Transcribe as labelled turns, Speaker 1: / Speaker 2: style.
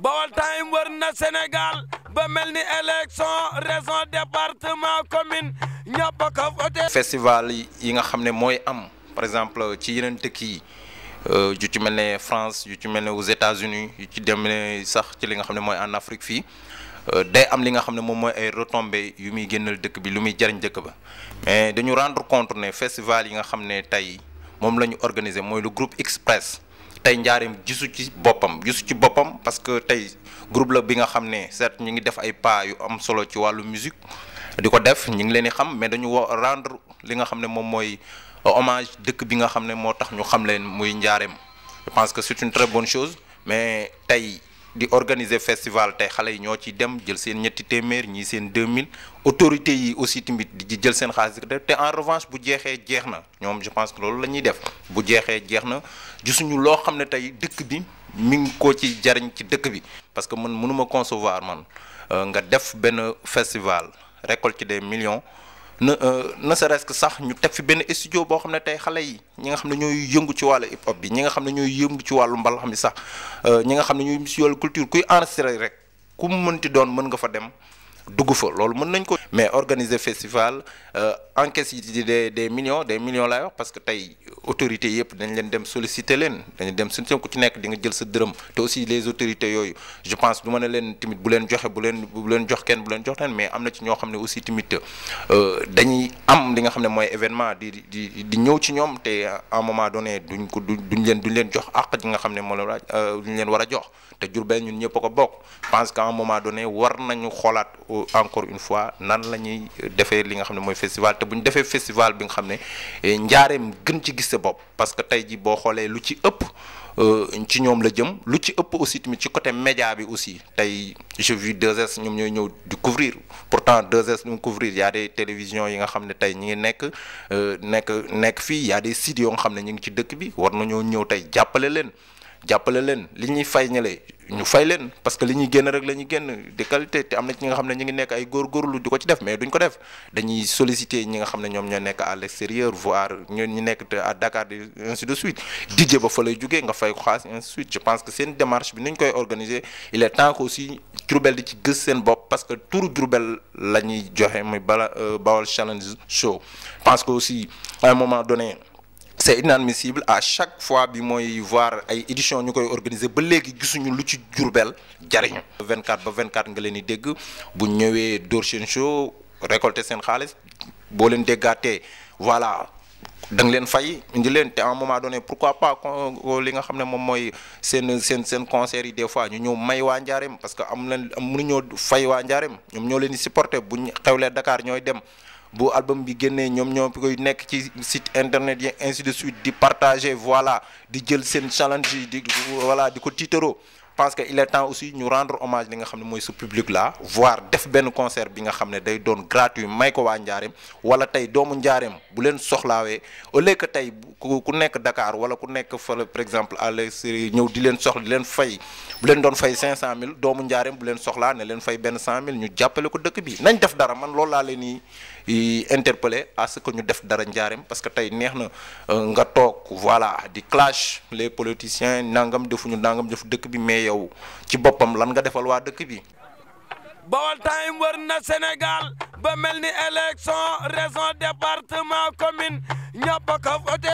Speaker 1: ba Times wër na Sénégal ba mel ni élection région département commune ñëpp a ko voté. festival yi nga xam ne mooy am par exemple ci yeneen dëkk yi ju euh, ci mel ne France yu ci mel ne aux États-Unis yu ci dem ne sax ci li nga xam ne mooy en Afrique fii. Euh, day am li nga xam ne moom mooy ay retombées yu muy génnal dëkk bi lu muy jariñ dëkk ba mais dañu rendre compte ne festival yi nga xam ne tey moom la ñu organisé mooy le groupe express tey njaareem gisu ci boppam gisu ci boppam parce que tey groupe la bi nga xam ne certes ñu ngi def ay pas yu am solo ci wàllu musique di ko def ñu ngi leen di xam mais dañu rendre li nga xam ne moom mooy euh, hommage dëkk bi nga xam ne moo tax ñu xam leen muy njaareem parce que c'est une très bonne chose mais tey di organiser festival tey xale yi ñoo ci dem jël seen ñetti téeméer ñii seen deux 2000 autorité yi aussi tamit di jël seen xaalis def te en revanche bu jeexee jeex na ñoom je pense que loolu la def bu jeexee jeex na gisuñu loo xam ne tey dëkk bi mi ngi ko ci jariñ ci dëkk bi parce que man mënuma concevoir man euh, nga def benn festival récolte des millions na euh, ne serait sax ñu teg fi benn studio boo xam ne tey xale yi ñi nga xam ne ñooy yëngu ci wàllu hip hop bi ñi nga xam ne ñooy yëngu ci wàllu mbalax mi sax euh, ñi nga xam ne ñooy ci wàllu culture kuy enregistré rek ku mu mënti doon mën nga fa dem dugg fa loolu mën nañ ko. mais organiser festival euh, encaisse yi des des million des million laay wax parce que tey. autorités yëpp dañ leen dem solliciter leen dañu dem suñ ku ci nekk di jël sa dërëm te aussi les autorités yooyu je pense du ma leen tamit bu leen joxe bu leen bu leen jox kenn bu leen jox kenn mais am na ci ñoo xam ne aussi tamit euh, am li nga xam ne mooy événement di di di ñëw ci ñoom te à moment donné duñ ko duñ leen duñ leen jox àq ji nga xam ne moo la laaj euh, leen war a jox te Diourbel ñun ñëpp a ko bokk pense qu'à un moment donné war nañu xoolaat encore une fois nan la ñuy defee li nga xam ne mooy festival te bu ñu defee festival bi nga xam ne eh, njaareem gën ci gis sa bopp parce que tey ji boo xoolee lu ci ëpp euh, ci ñoom la jëm lu ci ëpp aussi tamit ci côté média bi aussi tey je vis 2S ñoom ñooy ñëw di couvrir pourtant 2S ñu couvrir y a des télévisions yi nga xam ne tey ñi ngi nekk euh, nekk nekk fii yaa a des sites nga xam ne ñu ngi ci dëkk bi war nañoo ñëw tey jàppale leen jàppale leen li ñuy fay ñale ñu fay leen parce que li ñuy génn rek la ñuy génn de qualité te am na ci ñi nga xam ne ñu ngi nekk ay góorgóorlu di ko ci def mais duñ ko def dañuy solliciter ñi nga xam ne ñoom ñoo nekk à l'extérieur voire ñoo ñu nekk à Dakar di ainsi de suite dijje ba fa lay jugee nga fay ko xaas ainsi de je pense que seen démarche bi ni ñu koy organiser il est temps que aussi Diourbel di ci gis seen bopp parce que turu Diourbel la ñuy joxe muy bala euh, Bawal challenge show pense que aussi à un moment c'est inadmissible à chaque fois bi mooy voir ay édition ñu koy organiser ba léegi gisuñu lu ci Jurbel jariñu 24 ba vingt quatre nga leen di dégg bu ñëwee dóor seen show récolter seen xaalis boo leen déggaatee voilà da leen fay indi leen te à un moment donné pourquoi pas euh, li nga xam ne moom mooy seen seen seen concert yi des fois ñu ñëw may waa Njaareem parce que am leen am ñëw fay waa Njaareem ñoom ñoo leen di supporter bu ñu xewlee Dakar ñooy dem bu album bi génnee ñoom ñoom ñoo koy nekk ci site internet yi ainsi de suite di partager voilà di jël seen challenge yi di voilà di ko tiitaroo parce que il est temps aussi ñu rendre hommage li nga xam ne mooy ce public là voire def benn concert bi nga xam ne day doon gratuit may ko waa Njaareem wala tey doomu Njaareem bu leen soxlaawee au lieu que tey ku nekk dakaar wala ku nekk fële par exemple à l'extérieur ñëw di leen soxla di leen fay bu leen doon fay 500000 doomu Njaareem bu leen soxlaa ne leen fay benn 100000 ñu jàppale ko dëkk bi nañ def dara man loolu laa leen di interpellé à ce que ñu def dara Njaareem parce que tey neex na euh, nga toog voilà di clash les politiciens nangam defuñu nangam defu dëkk bi mais yow ci boppam lan nga defal waa dëkk bi. Baol Times wër na Sénégal ba mel ni élection région département commune ñëpp ko voté